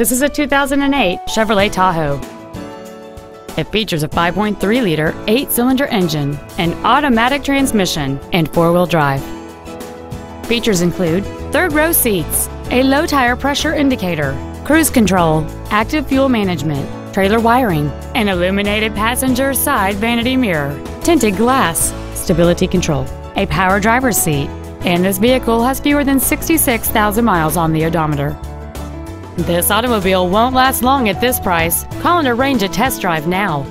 This is a 2008 Chevrolet Tahoe. It features a 5.3-liter eight-cylinder engine, an automatic transmission, and four-wheel drive. Features include third-row seats, a low-tire pressure indicator, cruise control, active fuel management, trailer wiring, an illuminated passenger side vanity mirror, tinted glass, stability control, a power driver's seat, and this vehicle has fewer than 66,000 miles on the odometer. This automobile won't last long at this price. Call and arrange a test drive now.